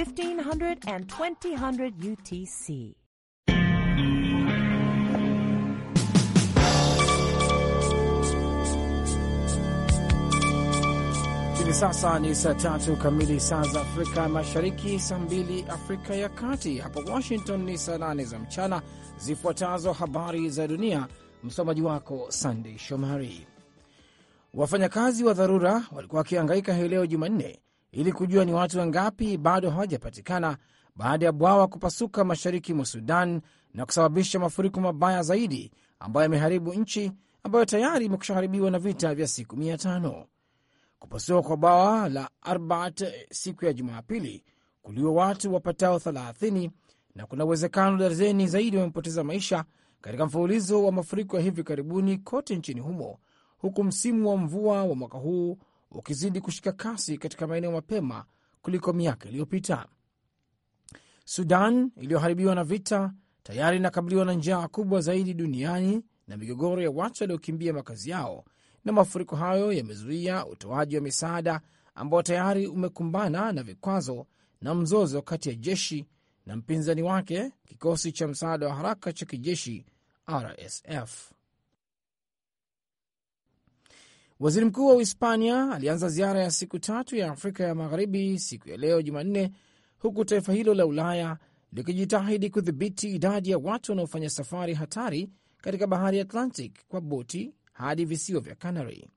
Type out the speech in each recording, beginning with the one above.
1500 and 2000 UTC. Hivi sasa ni saa tatu kamili saa za Afrika Mashariki, saa mbili Afrika ya Kati. Hapo Washington ni saa nane za mchana. Zifuatazo habari za dunia, msomaji wako Sandei Shomari. Wafanyakazi wa dharura walikuwa wakihangaika hii leo Jumanne ili kujua ni watu wangapi bado hawajapatikana baada ya bwawa kupasuka mashariki mwa Sudan na kusababisha mafuriko mabaya zaidi ambayo yameharibu nchi ambayo tayari imekushaharibiwa na vita vya siku mia tano. Kupasuka kwa bwawa la Arbat siku ya Jumapili kuliwa watu wapatao 30 na kuna uwezekano darzeni zaidi wamepoteza maisha katika mfululizo wa mafuriko ya hivi karibuni kote nchini humo, huku msimu wa mvua wa mwaka huu ukizidi kushika kasi katika maeneo mapema kuliko miaka iliyopita. Sudan iliyoharibiwa na vita tayari inakabiliwa na njaa kubwa zaidi duniani na migogoro ya watu waliokimbia makazi yao, na mafuriko hayo yamezuia utoaji wa misaada ambao tayari umekumbana na vikwazo na mzozo kati ya jeshi na mpinzani wake, kikosi cha msaada wa haraka cha kijeshi RSF. Waziri mkuu wa Uhispania alianza ziara ya siku tatu ya Afrika ya magharibi siku ya leo Jumanne, huku taifa hilo la Ulaya likijitahidi kudhibiti idadi ya watu wanaofanya safari hatari katika bahari ya Atlantic kwa boti hadi visiwa vya Canary.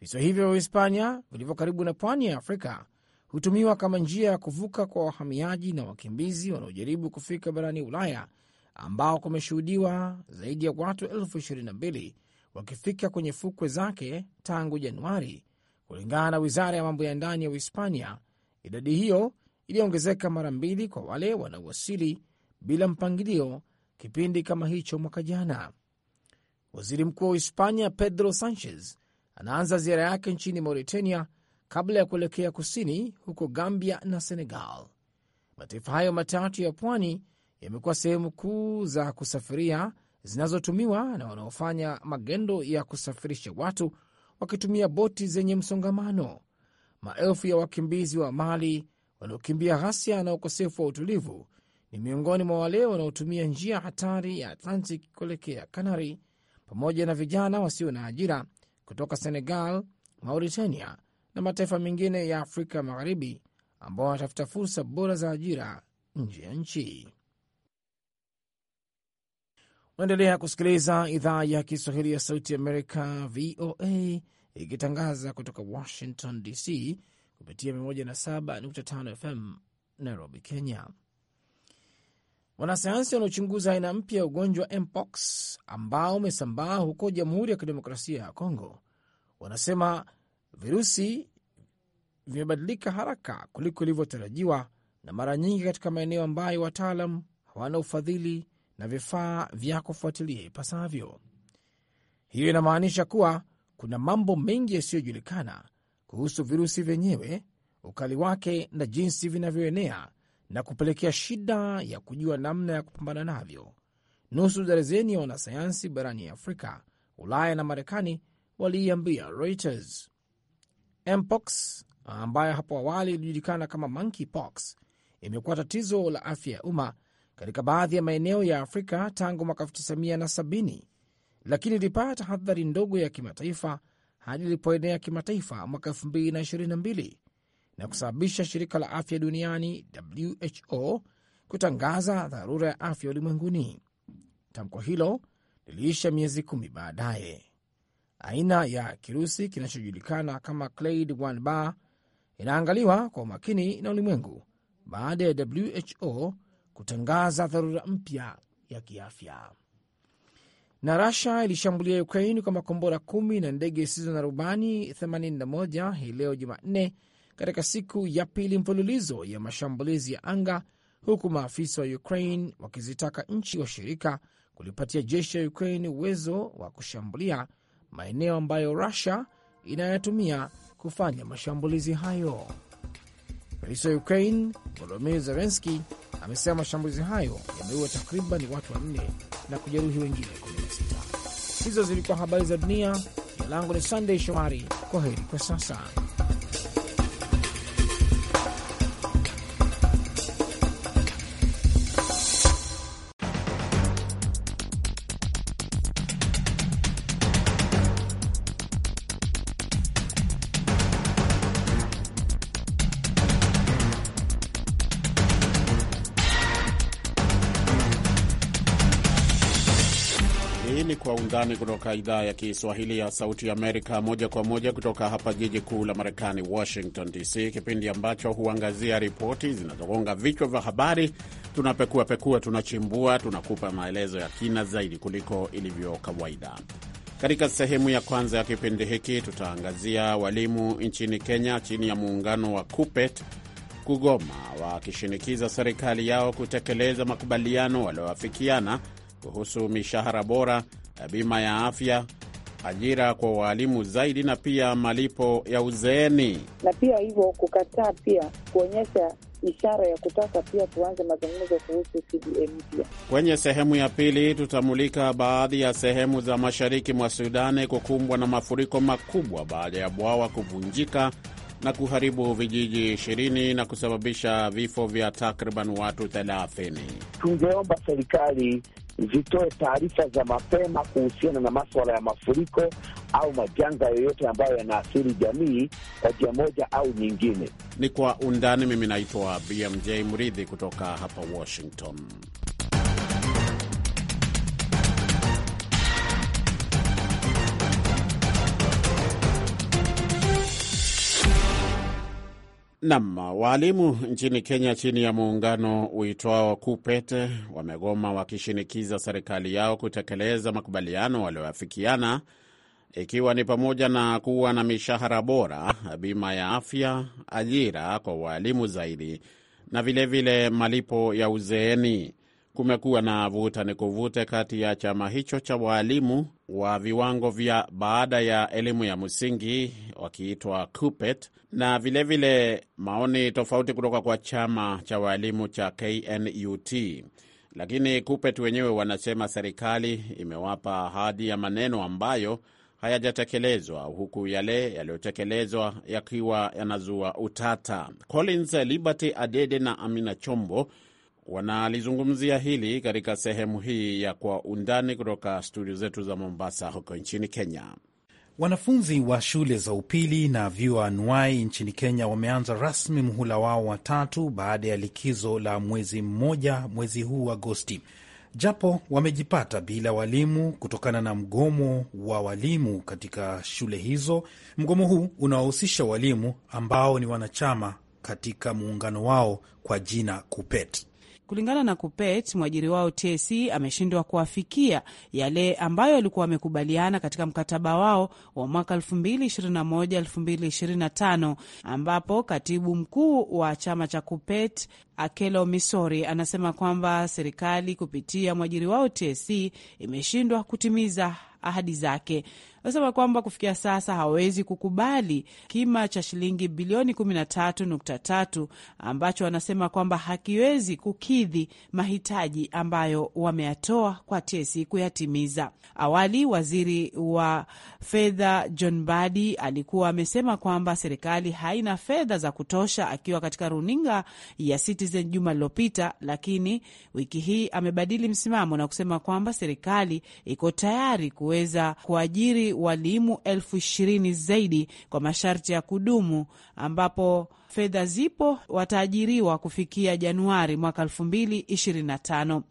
Visiwa hivyo vya Uhispania vilivyo karibu na pwani ya Afrika hutumiwa kama njia ya kuvuka kwa wahamiaji na wakimbizi wanaojaribu kufika barani Ulaya, ambao kumeshuhudiwa zaidi ya watu elfu ishirini na mbili wakifika kwenye fukwe zake tangu Januari, kulingana na wizara ya mambo ya ndani ya Uhispania. Idadi hiyo iliongezeka mara mbili kwa wale wanaowasili bila mpangilio kipindi kama hicho mwaka jana. Waziri mkuu wa Uhispania Pedro Sanchez anaanza ziara yake nchini Mauritania kabla ya kuelekea kusini huko Gambia na Senegal. Mataifa hayo matatu ya pwani yamekuwa sehemu kuu za kusafiria zinazotumiwa na wanaofanya magendo ya kusafirisha watu wakitumia boti zenye msongamano. Maelfu ya wakimbizi wa Mali wanaokimbia ghasia na ukosefu wa utulivu ni miongoni mwa wale wanaotumia njia hatari ya Atlantic kuelekea Kanari, pamoja na vijana wasio na ajira kutoka Senegal, Mauritania na mataifa mengine ya Afrika Magharibi ambao wanatafuta fursa bora za ajira nje ya nchi. Unaendelea kusikiliza idhaa ya Kiswahili ya Sauti Amerika, VOA, ikitangaza kutoka Washington DC kupitia 107.5 FM Nairobi, Kenya. Wanasayansi wanaochunguza aina mpya ya ugonjwa mpox ambao umesambaa huko Jamhuri ya Kidemokrasia ya Kongo wanasema virusi vimebadilika haraka kuliko ilivyotarajiwa na mara nyingi katika maeneo ambayo wataalam hawana ufadhili na vifaa vya kufuatilia ipasavyo. Hiyo inamaanisha kuwa kuna mambo mengi yasiyojulikana kuhusu virusi vyenyewe, ukali wake na jinsi vinavyoenea na kupelekea shida ya kujua namna ya kupambana navyo. Nusu darazeni ya wanasayansi barani Afrika, Ulaya na Marekani waliiambia Reuters. Mpox ambayo hapo awali ilijulikana kama monkeypox imekuwa tatizo la afya ya umma katika baadhi ya maeneo ya Afrika tangu mwaka 1970 lakini ilipata hadhari ndogo ya kimataifa hadi ilipoenea kimataifa mwaka 2022 na kusababisha shirika la afya duniani WHO kutangaza dharura ya afya ulimwenguni. Tamko hilo liliisha miezi kumi baadaye. Aina ya kirusi kinachojulikana kama clade 1b inaangaliwa kwa umakini na ulimwengu baada ya WHO kutangaza dharura mpya ya kiafya. Na Rasha ilishambulia Ukraini kwa makombora kumi na ndege zisizo na rubani 81 hii leo Jumanne, katika siku ya pili mfululizo ya mashambulizi ya anga, huku maafisa wa Ukraine wakizitaka nchi washirika kulipatia jeshi la Ukraine uwezo wa kushambulia maeneo ambayo rusia inayotumia kufanya mashambulizi hayo. Rais wa Ukraine Volodymyr Zelenski amesema mashambulizi hayo yameua takriban watu wanne na kujeruhi wengine 16. Hizo zilikuwa habari za dunia. Jina langu ni Sunday Shomari. Kwa heri kwa sasa. Undani kutoka idhaa ya Kiswahili ya Sauti Amerika, moja kwa moja kutoka hapa jiji kuu la Marekani, Washington DC, kipindi ambacho huangazia ripoti zinazogonga vichwa vya habari. Tunapekuapekua, tunachimbua, tunakupa maelezo ya kina zaidi kuliko ilivyo kawaida. Katika sehemu ya kwanza ya kipindi hiki, tutaangazia walimu nchini Kenya chini ya muungano wa kupet kugoma wakishinikiza serikali yao kutekeleza makubaliano walioafikiana kuhusu mishahara bora Eh, bima ya afya, ajira kwa waalimu zaidi, na pia malipo ya uzeeni, na pia hivyo kukataa pia kuonyesha ishara ya kutaka pia tuanze mazungumzo kuhusu CBA mpya. Kwenye sehemu ya pili, tutamulika baadhi ya sehemu za mashariki mwa Sudani kukumbwa na mafuriko makubwa baada ya bwawa kuvunjika na kuharibu vijiji ishirini na kusababisha vifo vya takriban watu thelathini. Tungeomba serikali zitoe taarifa za mapema kuhusiana na maswala ya mafuriko au majanga yoyote ambayo yanaathiri jamii kwa njia moja au nyingine. Ni kwa undani. Mimi naitwa BMJ Mridhi kutoka hapa Washington. Nam waalimu nchini Kenya chini ya muungano uitwao KUPET wamegoma wakishinikiza serikali yao kutekeleza makubaliano walioafikiana, ikiwa ni pamoja na kuwa na mishahara bora, bima ya afya, ajira kwa waalimu zaidi na vilevile vile malipo ya uzeeni kumekuwa na vuta ni kuvute kati ya chama hicho cha waalimu wa viwango vya baada ya elimu ya msingi wakiitwa KUPPET na vilevile vile maoni tofauti kutoka kwa chama cha waalimu cha KNUT. Lakini KUPPET wenyewe wanasema serikali imewapa ahadi ya maneno ambayo hayajatekelezwa huku yale yaliyotekelezwa yakiwa yanazua utata. Collins Liberty Adede na Amina Chombo wanalizungumzia hili katika sehemu hii ya Kwa Undani kutoka studio zetu za Mombasa huko nchini Kenya. Wanafunzi wa shule za upili na vyuo anuai nchini Kenya wameanza rasmi muhula wao wa tatu baada ya likizo la mwezi mmoja mwezi huu Agosti, japo wamejipata bila walimu kutokana na mgomo wa walimu katika shule hizo. Mgomo huu unawahusisha walimu ambao ni wanachama katika muungano wao kwa jina KUPET. Kulingana na Kupet, mwajiri wao TSC ameshindwa kuwafikia yale ambayo walikuwa wamekubaliana katika mkataba wao wa mwaka 2021-2025 ambapo katibu mkuu wa chama cha Kupet Akelo Misori anasema kwamba serikali kupitia mwajiri wao TSC imeshindwa kutimiza ahadi zake. Anasema kwamba kufikia sasa hawawezi kukubali kima cha shilingi bilioni 13.3 ambacho wanasema kwamba hakiwezi kukidhi mahitaji ambayo wameyatoa kwa tesi kuyatimiza. Awali waziri wa fedha John Badi alikuwa amesema kwamba serikali haina fedha za kutosha, akiwa katika runinga ya Citizen juma lilopita lakini wiki hii amebadili msimamo na kusema kwamba serikali iko tayari kuweza kuajiri walimu elfu ishirini zaidi kwa masharti ya kudumu ambapo fedha zipo wataajiriwa kufikia Januari mwaka elfu mbili ishirini na tano.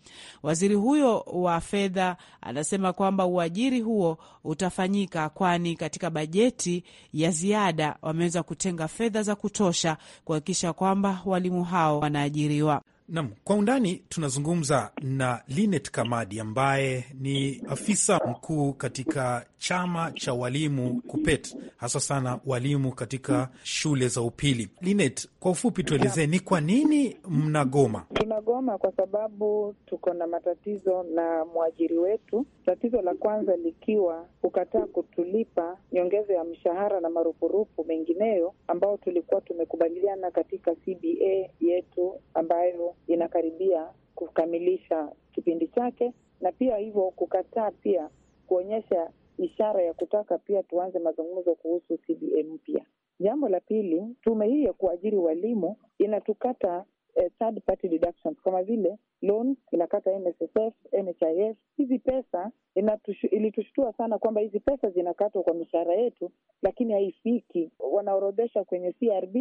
Waziri huyo wa fedha anasema kwamba uajiri huo utafanyika, kwani katika bajeti ya ziada wameweza kutenga fedha za kutosha kuhakikisha kwamba walimu hao wanaajiriwa. Nam, kwa undani tunazungumza na Linet Kamadi ambaye ni afisa mkuu katika chama cha walimu KUPET, hasa sana walimu katika shule za upili. Linet, kwa ufupi tuelezee ni kwa nini mnagoma? Tunagoma kwa sababu tuko na matatizo na mwajiri wetu, tatizo la kwanza likiwa kukataa kutulipa nyongeza ya mshahara na marupurupu mengineyo ambao tulikuwa tumekubaliana katika CBA yetu ambayo inakaribia kukamilisha kipindi chake, na pia hivyo kukataa pia kuonyesha ishara ya kutaka pia tuanze mazungumzo kuhusu CBA mpya. Jambo la pili, tume hii ya kuajiri walimu inatukata eh, third party deductions kama vile loan inakata NSSF, NHIF. Hizi pesa ilitushtua sana kwamba hizi pesa zinakatwa kwa mishahara yetu, lakini haifiki. Wanaorodhesha kwenye CRB,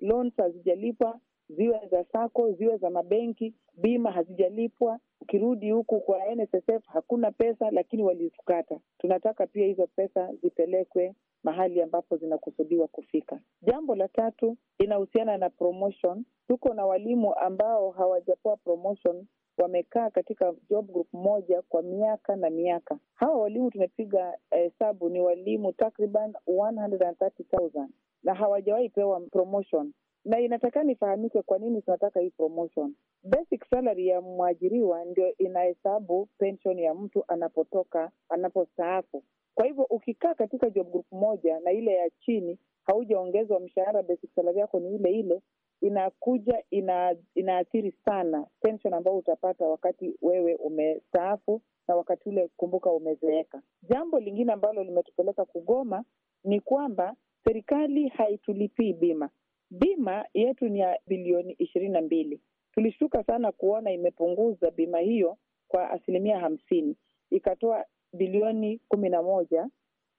loans hazijalipwa, ziwe za sako, ziwe za mabenki, bima hazijalipwa. Ukirudi huku kwa NSSF hakuna pesa, lakini walizikata. Tunataka pia hizo pesa zipelekwe mahali ambapo zinakusudiwa kufika. Jambo la tatu linahusiana na promotion. Tuko na walimu ambao hawajapewa promotion wamekaa katika job group moja kwa miaka na miaka. Hawa walimu tumepiga hesabu eh, ni walimu takriban 130,000 na hawajawahi pewa promotion na inataka nifahamike kwa nini tunataka hii promotion. Basic salary ya mwajiriwa ndio inahesabu pension ya mtu anapotoka, anapostaafu. Kwa hivyo ukikaa katika job group moja na ile ya chini haujaongezwa mshahara, basic salary yako ni ile ile, inakuja ina, inaathiri sana pension ambayo utapata wakati wewe umestaafu na wakati ule, kumbuka, umezeeka. Jambo lingine ambalo limetupeleka kugoma ni kwamba serikali haitulipii bima. Bima yetu ni ya bilioni ishirini na mbili. Tulishtuka sana kuona imepunguza bima hiyo kwa asilimia hamsini ikatoa bilioni kumi na moja.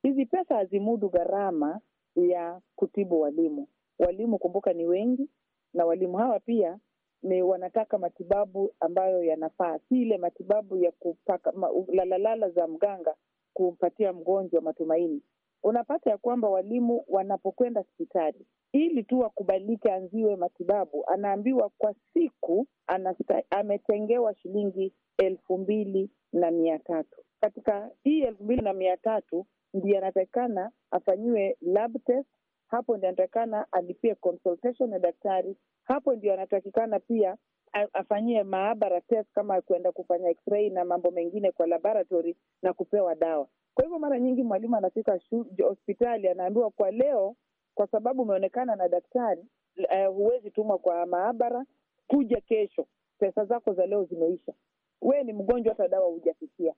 Hizi pesa hazimudu gharama ya kutibu walimu. Walimu kumbuka ni wengi, na walimu hawa pia ni wanataka matibabu ambayo yanafaa, si ile matibabu ya kupaka lalalala za mganga kumpatia mgonjwa matumaini. Unapata ya kwamba walimu wanapokwenda hospitali ili tu akubalike anziwe matibabu, anaambiwa kwa siku anasta, ametengewa shilingi elfu mbili na mia tatu. Katika hii elfu mbili na mia tatu ndiye anatakikana afanyiwe lab test, hapo ndio anatakikana alipie consultation na daktari, hapo ndio anatakikana pia afanyie maabara test kama kuenda kufanya x-ray na mambo mengine kwa laboratory na kupewa dawa. Kwa hivyo mara nyingi mwalimu anafika hospitali anaambiwa, kwa leo kwa sababu umeonekana na daktari uh, huwezi tumwa kwa maabara, kuja kesho, pesa zako za leo zimeisha, wee ni mgonjwa, hata dawa hujafikia.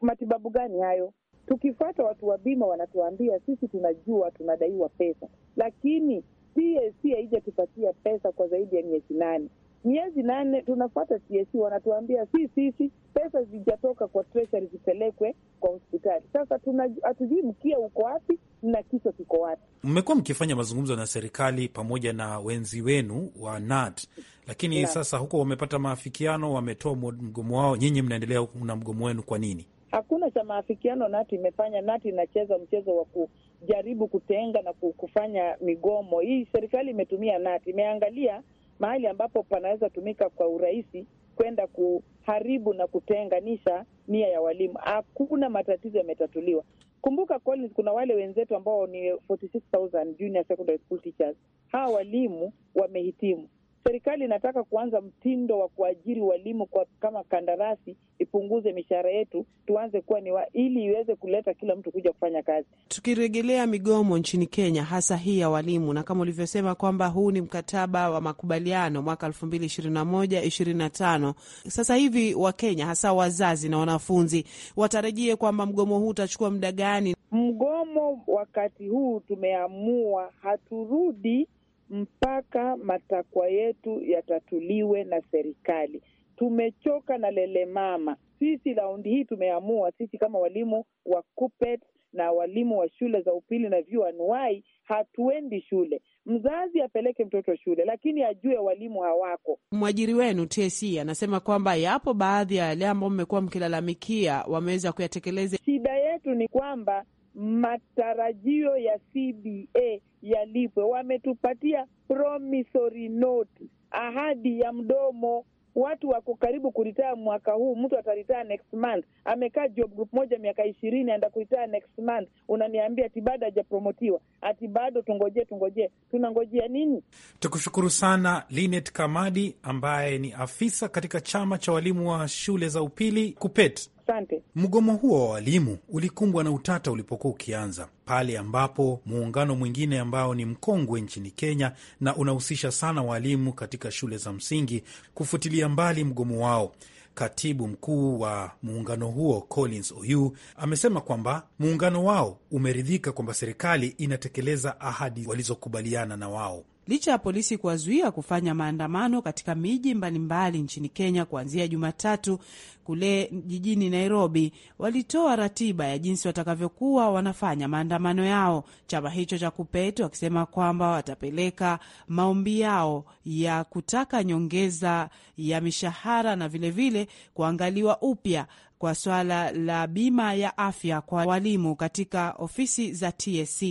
Matibabu gani hayo? Tukifuata watu wa bima wanatuambia sisi, tunajua tunadaiwa pesa, lakini TSC haijatupatia pesa kwa zaidi ya miezi nane miezi nane tunafuata TSC, e, wanatuambia si sisi, pesa zijatoka kwa treasury zipelekwe kwa hospitali. Sasa hatujui mkia uko wapi na kichwa kiko wapi. Mmekuwa mkifanya mazungumzo na serikali pamoja na wenzi wenu wa NAT, lakini na, sasa huko wamepata maafikiano, wametoa mgomo wao, nyinyi mnaendelea na mgomo wenu. Kwa nini hakuna cha maafikiano? NAT imefanya NAT inacheza mchezo wa kujaribu kutenga na kufanya migomo hii. Serikali imetumia NAT, imeangalia mahali ambapo panaweza tumika kwa urahisi kwenda kuharibu na kutenganisha nia ya walimu. Hakuna matatizo yametatuliwa. Kumbuka Collins, kuna wale wenzetu ambao ni 46000 junior secondary school teachers. Hawa walimu wamehitimu, serikali inataka kuanza mtindo wa kuajiri walimu kwa kama kandarasi, ipunguze mishahara yetu, tuanze kuwa ni wa, ili iweze kuleta kila mtu kuja kufanya kazi. Tukirejelea migomo nchini Kenya, hasa hii ya walimu, na kama ulivyosema kwamba huu ni mkataba wa makubaliano mwaka elfu mbili ishirini na moja ishirini na tano sasa hivi Wakenya hasa wazazi na wanafunzi watarajie kwamba mgomo huu utachukua muda gani? Mgomo wakati huu tumeamua haturudi mpaka matakwa yetu yatatuliwe na serikali. Tumechoka na lele mama. Sisi raundi hii tumeamua sisi kama walimu wa kupet na walimu wa shule za upili na vyuo anuai, hatuendi shule. Mzazi apeleke mtoto shule, lakini ajue walimu hawako. Mwajiri wenu TSC e, anasema kwamba yapo baadhi ya yale ambayo mmekuwa mkilalamikia wameweza kuyatekeleza. Shida yetu ni kwamba matarajio ya CBA yalipwe. Wametupatia promissory note, ahadi ya mdomo. Watu wako karibu kuritaa mwaka huu, mtu ataritaa next month. Amekaa job group moja miaka ishirini, aenda kuritaa next month, unaniambia ati bado hajapromotiwa, ati bado tungojee, tungojee. Tunangojea nini? Tukushukuru sana Linet Kamadi ambaye ni afisa katika chama cha walimu wa shule za upili Kupet. Asante. Mgomo huo wa walimu ulikumbwa na utata ulipokuwa ukianza, pale ambapo muungano mwingine ambao ni mkongwe nchini Kenya na unahusisha sana walimu katika shule za msingi kufutilia mbali mgomo wao. Katibu mkuu wa muungano huo Collins Oyu amesema kwamba muungano wao umeridhika kwamba serikali inatekeleza ahadi walizokubaliana na wao licha ya polisi kuwazuia kufanya maandamano katika miji mbalimbali nchini Kenya kuanzia Jumatatu. Kule jijini Nairobi walitoa ratiba ya jinsi watakavyokuwa wanafanya maandamano yao, chama hicho cha kupet wakisema kwamba watapeleka maombi yao ya kutaka nyongeza ya mishahara na vilevile vile kuangaliwa upya kwa swala la bima ya afya kwa walimu katika ofisi za TSC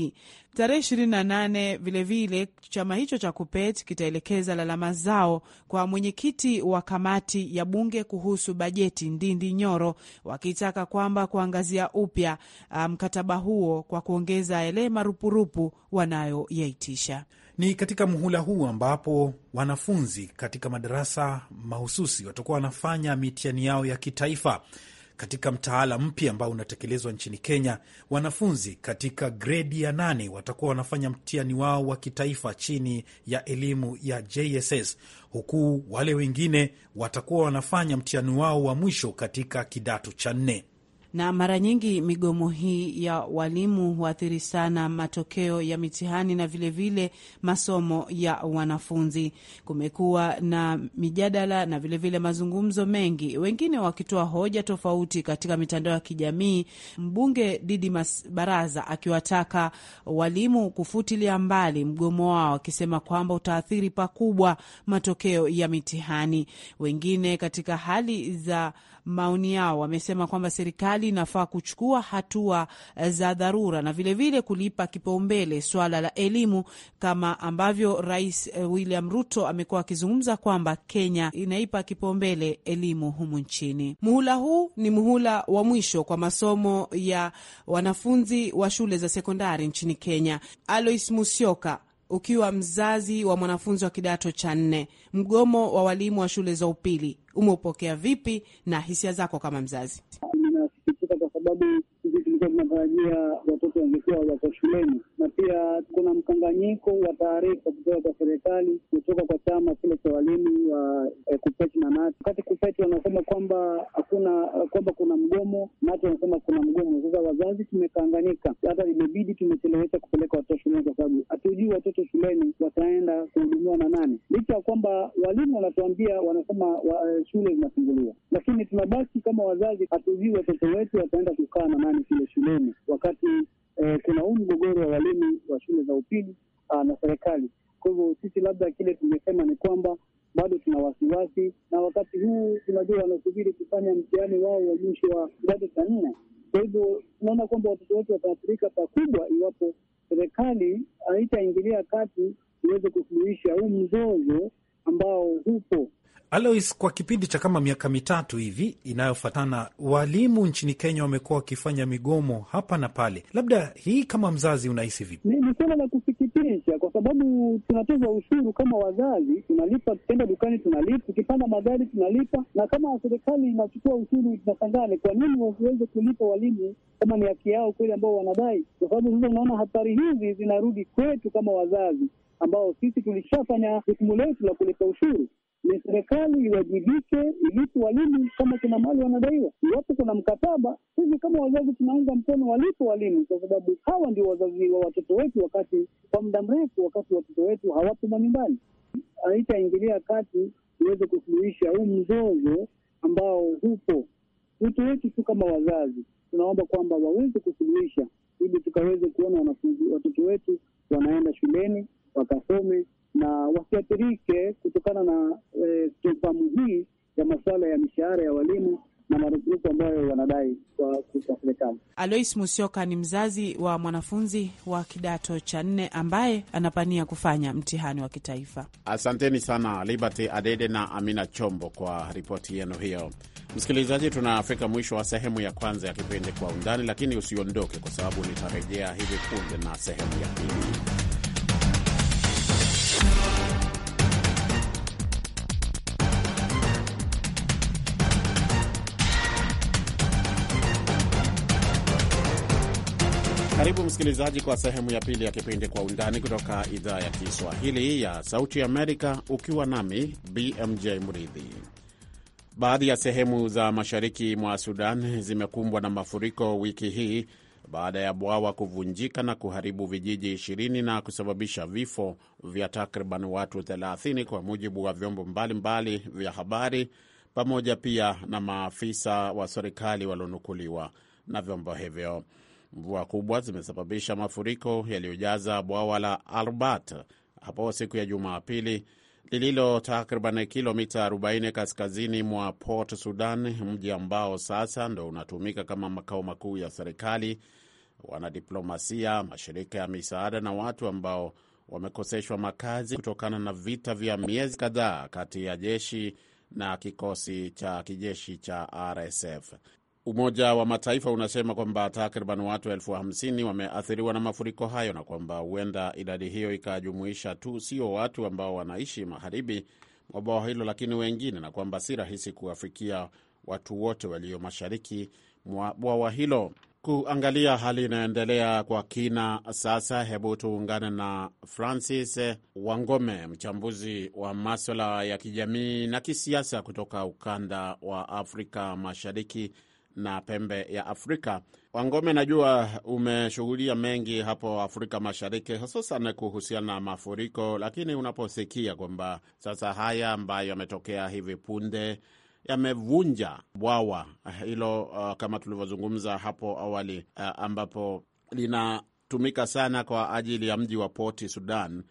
tarehe 28. Vilevile, chama hicho cha KUPET kitaelekeza lalama zao kwa mwenyekiti wa kamati ya bunge kuhusu bajeti Ndindi Nyoro, wakitaka kwamba kuangazia upya uh, mkataba um, huo kwa kuongeza yale marupurupu wanayoyaitisha. Ni katika muhula huu ambapo wanafunzi katika madarasa mahususi watakuwa wanafanya mitihani yao ya kitaifa. Katika mtaala mpya ambao unatekelezwa nchini Kenya, wanafunzi katika gredi ya nane watakuwa wanafanya mtihani wao wa kitaifa chini ya elimu ya JSS, huku wale wengine watakuwa wanafanya mtihani wao wa mwisho katika kidato cha nne na mara nyingi migomo hii ya walimu huathiri sana matokeo ya mitihani na vilevile vile masomo ya wanafunzi. Kumekuwa na mijadala na vilevile vile mazungumzo mengi, wengine wakitoa hoja tofauti katika mitandao ya kijamii, mbunge Didi Baraza akiwataka walimu kufutilia mbali mgomo wao, akisema kwamba utaathiri pakubwa matokeo ya mitihani. Wengine katika hali za maoni yao. Wamesema kwamba serikali inafaa kuchukua hatua eh, za dharura na vilevile vile kulipa kipaumbele swala la elimu, kama ambavyo Rais eh, William Ruto amekuwa akizungumza kwamba Kenya inaipa kipaumbele elimu humu nchini. Muhula huu ni muhula wa mwisho kwa masomo ya wanafunzi wa shule za sekondari nchini Kenya. Alois Musioka, ukiwa mzazi wa mwanafunzi wa kidato cha nne, mgomo wa walimu wa shule za upili umeupokea vipi na hisia zako kama mzazi? kwa sababu tulikuwa tunatarajia watoto wangekuwa wako shuleni, na pia kuna mkanganyiko wa taarifa kutoka kwa serikali, kutoka kwa chama kile cha walimu wa eh, kupeti na nati wakati kupeti wanasema kwamba hakuna kwamba kuna mgomo, nati wanasema kuna mgomo. Sasa wazazi tumekanganyika, hata imebidi tumechelewesha kupeleka watoto shuleni kwa sababu hatujui watoto shuleni wataenda kuhudumiwa na nani, licha ya kwamba walimu wanatuambia wanasema wa, eh, shule zinafunguliwa, lakini tunabaki kama wazazi hatujui watoto wetu wataenda kukaa na nani shule shuleni, wakati eh, kuna huu mgogoro wa walimu wa shule za upili ah, na serikali. Kwa hivyo sisi labda kile tumesema ni kwamba bado tuna wasiwasi, na wakati huu tunajua wanasubiri kufanya mtihani wao wa mwisho wa kidato cha nne. Kwa hivyo tunaona kwamba watoto wetu wataathirika pakubwa iwapo serikali haitaingilia kati iweze kusuluhisha huu mzozo ambao hupo Alois, kwa kipindi cha kama miaka mitatu hivi inayofatana, walimu nchini Kenya wamekuwa wakifanya migomo hapa na pale. Labda hii kama mzazi unahisi vipi? Ni suala la kusikitisha, kwa sababu tunatoza ushuru kama wazazi, tunalipa. Tukienda dukani tunalipa, tukipanda magari tunalipa, na kama serikali inachukua ushuru tunasangane. kwa nini wasiweze kulipa walimu kama ni haki yao kweli ambao wanadai, kwa sababu sasa unaona hatari hizi zinarudi kwetu kama wazazi ambao sisi tulishafanya jukumu letu la kulipa ushuru ni serikali iwajibike ilipo walimu kama kuna mali wanadaiwa. Iwapo kuna mkataba, sisi kama wazazi tunaunga mkono walipo walimu, kwa sababu hawa ndio wazazi wa watoto wetu, wakati kwa muda mrefu, wakati watoto wetu hawapo manyumbani. Haitaingilia kati iweze kusuluhisha huu mzozo ambao hupo. Wito wetu tu kama wazazi, tunaomba kwamba waweze kusuluhisha, ili tukaweze kuona wanafunzi watoto wetu wanaenda shuleni wakasome na wasiathirike kutokana na e, hii ya masuala ya mishahara ya walimu na marupurupu ambayo wanadai kwa serikali. Alois Musioka ni mzazi wa mwanafunzi wa kidato cha nne ambaye anapania kufanya mtihani wa kitaifa. Asanteni sana Liberty Adede na Amina Chombo kwa ripoti yenu hiyo. Msikilizaji, tunafika mwisho wa sehemu ya kwanza ya kipindi Kwa Undani, lakini usiondoke, kwa sababu nitarejea hivi punde na sehemu ya pili. Karibu msikilizaji, kwa sehemu ya pili ya kipindi Kwa Undani kutoka idhaa ya Kiswahili ya Sauti Amerika, ukiwa nami BMJ Mridhi. Baadhi ya sehemu za mashariki mwa Sudan zimekumbwa na mafuriko wiki hii baada ya bwawa kuvunjika na kuharibu vijiji 20 na kusababisha vifo vya takriban watu 30 kwa mujibu wa vyombo mbalimbali mbali vya habari, pamoja pia na maafisa wa serikali walionukuliwa na vyombo hivyo. Mvua kubwa zimesababisha mafuriko yaliyojaza bwawa la Arbat hapo siku ya Jumapili, lililo takriban kilomita 40 kaskazini mwa Port Sudan, mji ambao sasa ndo unatumika kama makao makuu ya serikali. Wanadiplomasia, mashirika ya misaada na watu ambao wamekoseshwa makazi kutokana na vita vya miezi kadhaa kati ya jeshi na kikosi cha kijeshi cha RSF. Umoja wa Mataifa unasema kwamba takriban watu elfu hamsini wameathiriwa na mafuriko hayo na kwamba huenda idadi hiyo ikajumuisha tu sio watu ambao wanaishi magharibi mwa bwawa hilo, lakini wengine, na kwamba si rahisi kuwafikia watu wote walio mashariki mwa bwawa hilo. Kuangalia hali inayoendelea kwa kina sasa, hebu tuungane na Francis Wangome, mchambuzi wa maswala ya kijamii na kisiasa kutoka ukanda wa Afrika Mashariki na pembe ya Afrika. Wangome, najua umeshughulia mengi hapo Afrika Mashariki, hususan kuhusiana na mafuriko, lakini unaposikia kwamba sasa haya ambayo yametokea hivi punde yamevunja bwawa hilo, uh, kama tulivyozungumza hapo awali, uh, ambapo linatumika sana kwa ajili ya mji wa Poti Sudan,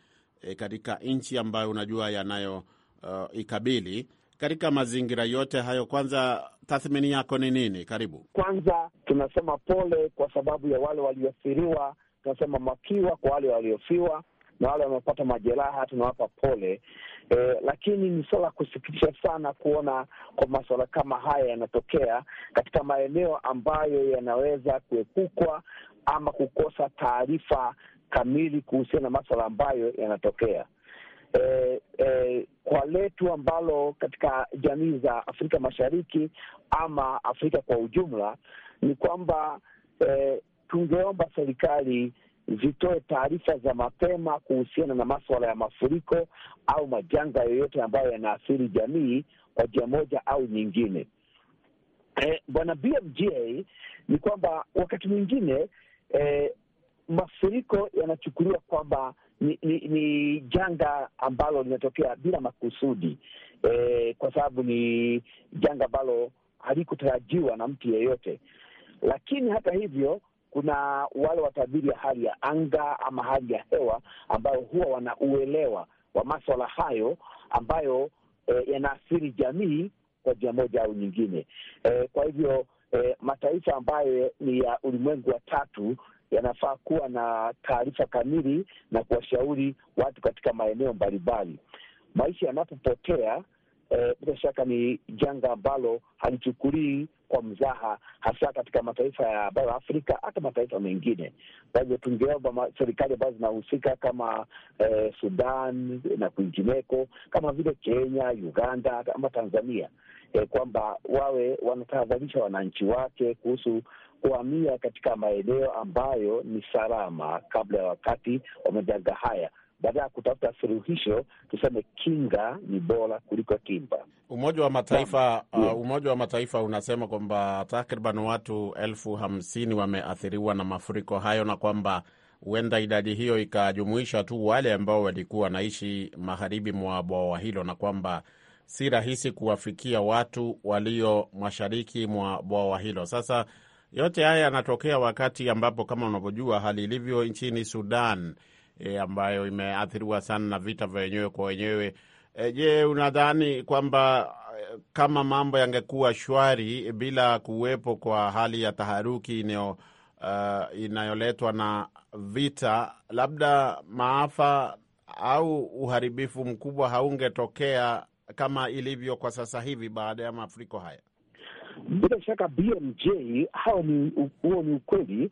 e, katika nchi ambayo unajua yanayo uh, ikabili katika mazingira yote hayo, kwanza tathmini yako ni nini? Karibu. Kwanza tunasema pole kwa sababu ya wale walioathiriwa, tunasema mafiwa kwa wale waliofiwa na wale wanaopata majeraha tunawapa pole. e, lakini ni suala kusikitisha sana kuona kwa masuala kama haya yanatokea katika maeneo ambayo yanaweza kuepukwa ama kukosa taarifa kamili kuhusiana na masuala ambayo yanatokea eh, eh, kwa letu ambalo katika jamii za Afrika Mashariki ama Afrika kwa ujumla ni kwamba eh, tungeomba serikali zitoe taarifa za mapema kuhusiana na maswala ya mafuriko au majanga yoyote ambayo yanaathiri jamii kwa njia moja au nyingine. Eh, bwana BMJ, ni kwamba wakati mwingine eh, mafuriko yanachukuliwa kwamba ni, ni, ni janga ambalo linatokea bila makusudi e, kwa sababu ni janga ambalo halikutarajiwa na mtu yeyote. Lakini hata hivyo, kuna wale watabiri ya hali ya anga ama hali ya hewa ambayo huwa wana uelewa wa maswala hayo ambayo e, yanaathiri jamii kwa njia moja au nyingine. E, kwa hivyo e, mataifa ambayo ni ya ulimwengu wa tatu yanafaa kuwa na taarifa kamili na kuwashauri watu katika maeneo mbalimbali. Maisha yanapopotea eh, bila eh, shaka ni janga ambalo halichukulii kwa mzaha, hasa katika mataifa ya bara Afrika, hata mataifa mengine. Kwa hivyo tungeomba serikali ambazo zinahusika kama eh, Sudan na kwingineko, kama vile Kenya, Uganda ama Tanzania eh, kwamba wawe wanatahadharisha wananchi wake kuhusu kuhamia katika maeneo ambayo ni salama kabla ya wakati wa majanga haya. Baada ya kutafuta suluhisho, tuseme kinga ni bora kuliko tiba. Umoja wa Mataifa uh, Umoja wa Mataifa unasema kwamba takriban watu elfu hamsini wameathiriwa na mafuriko hayo na kwamba huenda idadi hiyo ikajumuisha tu wale ambao walikuwa wanaishi magharibi mwa bwawa hilo na kwamba si rahisi kuwafikia watu walio mashariki mwa bwawa hilo. Sasa yote haya yanatokea wakati ambapo kama unavyojua hali ilivyo nchini Sudan e, ambayo imeathiriwa sana na vita vya wenyewe kwa wenyewe. E, je, unadhani kwamba e, kama mambo yangekuwa shwari bila kuwepo kwa hali ya taharuki inayo uh, e, inayoletwa na vita, labda maafa au uharibifu mkubwa haungetokea kama ilivyo kwa sasa hivi baada ya mafuriko haya? Bila shaka BMJ, hao ni huo ni ukweli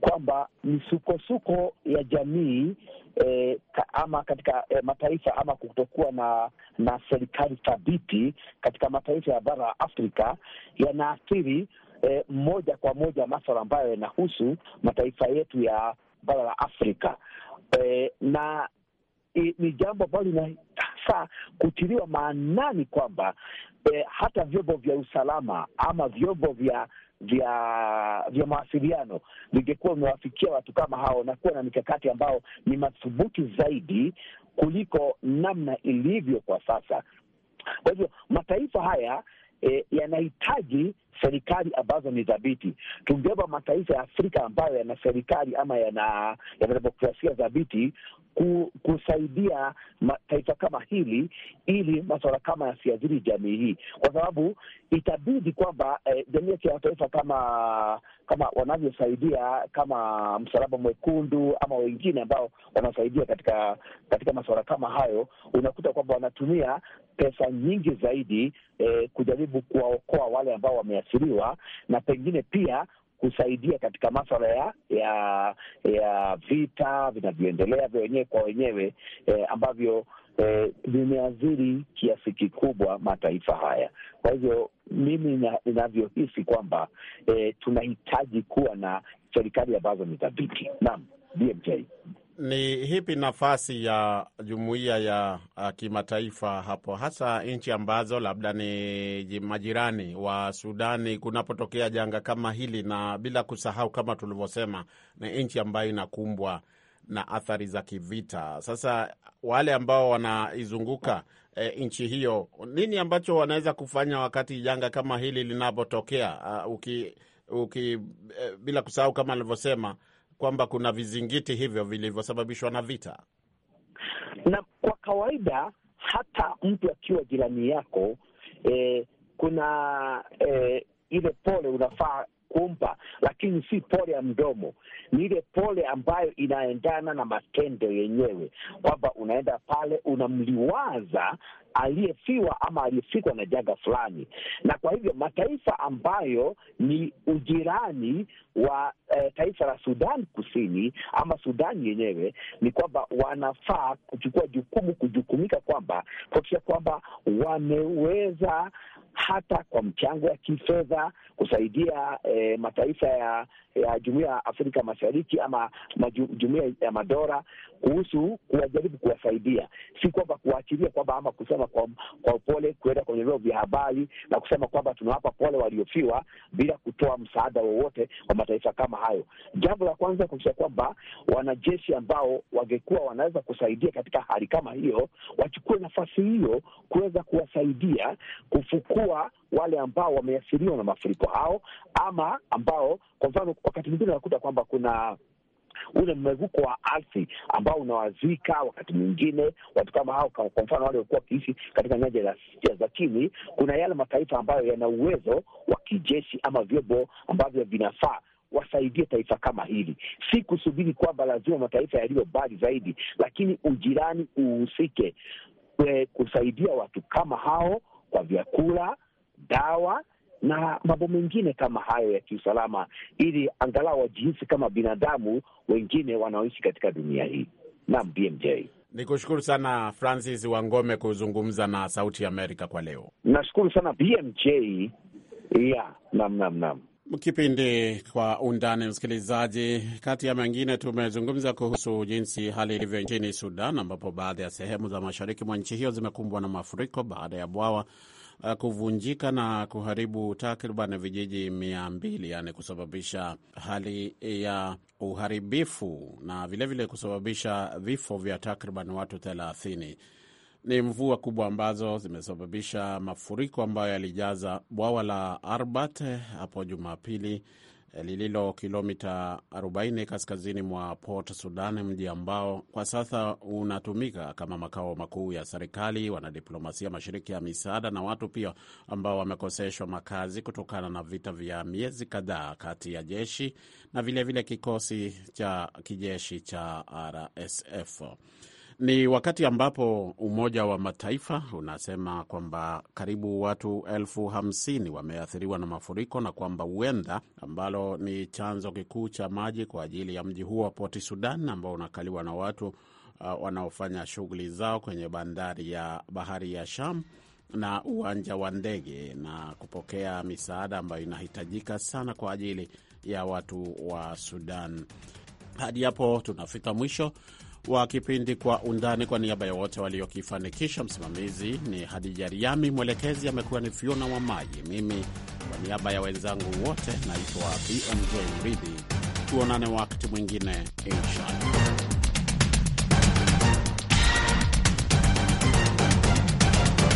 kwamba misukosuko ya jamii eh, ama katika eh, mataifa ama kutokuwa na na serikali thabiti katika mataifa ya bara la Afrika yanaathiri eh, moja kwa moja maswala ambayo yanahusu mataifa yetu ya bara la Afrika eh, na e, ni jambo ambalo linasa kutiliwa maanani kwamba e, hata vyombo vya usalama ama vyombo vya vya vya mawasiliano vingekuwa vimewafikia watu kama hao na kuwa na mikakati ambayo ni madhubuti zaidi kuliko namna ilivyo kwa sasa. Kwa hivyo mataifa haya e, yanahitaji serikali ambazo ni dhabiti. Tungeomba mataifa ya Afrika ambayo yana serikali ama yana yana demokrasia dhabiti ku, kusaidia taifa kama hili ili masuala kama yasiathiri jamii hii, kwa sababu itabidi kwamba eh, jamii ya kimataifa kama kama wanavyosaidia kama Msalaba Mwekundu ama wengine ambao wanasaidia katika katika masuala kama hayo, unakuta kwamba wanatumia pesa nyingi zaidi eh, kujaribu kuwaokoa wale ambao wame wameathiriwa na pengine pia kusaidia katika maswala ya ya ya vita vinavyoendelea vya wenyewe kwa wenyewe eh, ambavyo eh, vimeathiri kiasi kikubwa mataifa haya. Kwa hivyo mimi inavyohisi kwamba eh, tunahitaji kuwa na serikali ambazo ni thabiti. Naam, BMJ ni hipi nafasi ya jumuiya ya uh, kimataifa hapo, hasa nchi ambazo labda ni majirani wa Sudani kunapotokea janga kama hili, na bila kusahau kama tulivyosema, ni nchi ambayo inakumbwa na athari za kivita. Sasa wale ambao wanaizunguka e, nchi hiyo, nini ambacho wanaweza kufanya wakati janga kama hili linapotokea? Uh, uki, uki, e, bila kusahau kama alivyosema kwamba kuna vizingiti hivyo vilivyosababishwa na vita? Na kwa kawaida hata mtu akiwa jirani yako eh, kuna eh, ile pole unafaa kumpa, lakini si pole ya mdomo, ni ile pole ambayo inaendana na matendo yenyewe, kwamba unaenda pale unamliwaza aliyefiwa ama aliyefikwa na janga fulani. Na kwa hivyo mataifa ambayo ni ujirani wa eh, taifa la Sudan Kusini ama Sudan yenyewe, ni kwamba wanafaa kuchukua jukumu, kujukumika kwamba kuhakikisha kwamba wameweza hata kwa mchango wa kifedha kusaidia e, mataifa ya, ya jumuia ya Afrika Mashariki ama jumuia ya madora kuhusu kuwajaribu kuwasaidia, si kwamba kuwaachilia kwamba ama kusema kwa, kwa upole kuenda kwenye vyombo vya habari na kusema kwamba tunawapa pole waliofiwa bila kutoa msaada wowote kwa mataifa kama hayo. Jambo la kwanza kuisha kwamba wanajeshi ambao wangekuwa wanaweza kusaidia katika hali kama hiyo wachukue nafasi hiyo kuweza kuwasaidia kufuku kuwa wale ambao wameathiriwa na mafuriko hao, ama ambao kwa mfano wakati mwingine unakuta kwamba kuna ule mmeguko wa ardhi ambao unawazika wakati mwingine watu kama hao. Kwa mfano wale walikuwa wakiishi katika nyanja za chini, kuna yale mataifa ambayo yana uwezo wa kijeshi ama vyombo ambavyo vinafaa wasaidie taifa kama hili, si kusubiri kwamba lazima mataifa yaliyo mbali zaidi, lakini ujirani uhusike eh, kusaidia watu kama hao kwa vyakula, dawa na mambo mengine kama hayo ya kiusalama, ili angalau wajihisi kama binadamu wengine wanaoishi katika dunia hii. Naam, BMJ ni kushukuru sana Francis Wangome kuzungumza na Sauti Amerika kwa leo. Nashukuru sana BMJ. Yeah, nam nam nam. Kipindi kwa undani, msikilizaji. Kati ya mengine, tumezungumza kuhusu jinsi hali ilivyo nchini Sudan, ambapo baadhi ya sehemu za mashariki mwa nchi hiyo zimekumbwa na mafuriko baada ya bwawa uh, kuvunjika na kuharibu takriban vijiji mia mbili, yani kusababisha hali ya uharibifu na vilevile vile kusababisha vifo vya takriban watu thelathini ni mvua kubwa ambazo zimesababisha mafuriko ambayo yalijaza bwawa la Arbat hapo Jumapili eh, lililo kilomita 40 kaskazini mwa Port Sudan, mji ambao kwa sasa unatumika kama makao makuu ya serikali, wanadiplomasia, mashirika ya misaada na watu pia ambao wamekoseshwa makazi kutokana na vita vya miezi kadhaa kati ya jeshi na vilevile vile kikosi cha kijeshi cha RSF. Ni wakati ambapo Umoja wa Mataifa unasema kwamba karibu watu elfu hamsini wameathiriwa na mafuriko na kwamba huenda ambalo ni chanzo kikuu cha maji kwa ajili ya mji huo wa Poti Sudan ambao unakaliwa na watu uh, wanaofanya shughuli zao kwenye bandari ya bahari ya Sham na uwanja wa ndege na kupokea misaada ambayo inahitajika sana kwa ajili ya watu wa Sudan. Hadi hapo tunafika mwisho wa kipindi Kwa Undani. Kwa niaba ya wote waliokifanikisha, msimamizi ni Hadija Riami, mwelekezi amekuwa ni Fiona wa Maji. Mimi kwa niaba ya wenzangu wote naitwa BMJ Mridhi. Tuonane wakati mwingine, inshallah.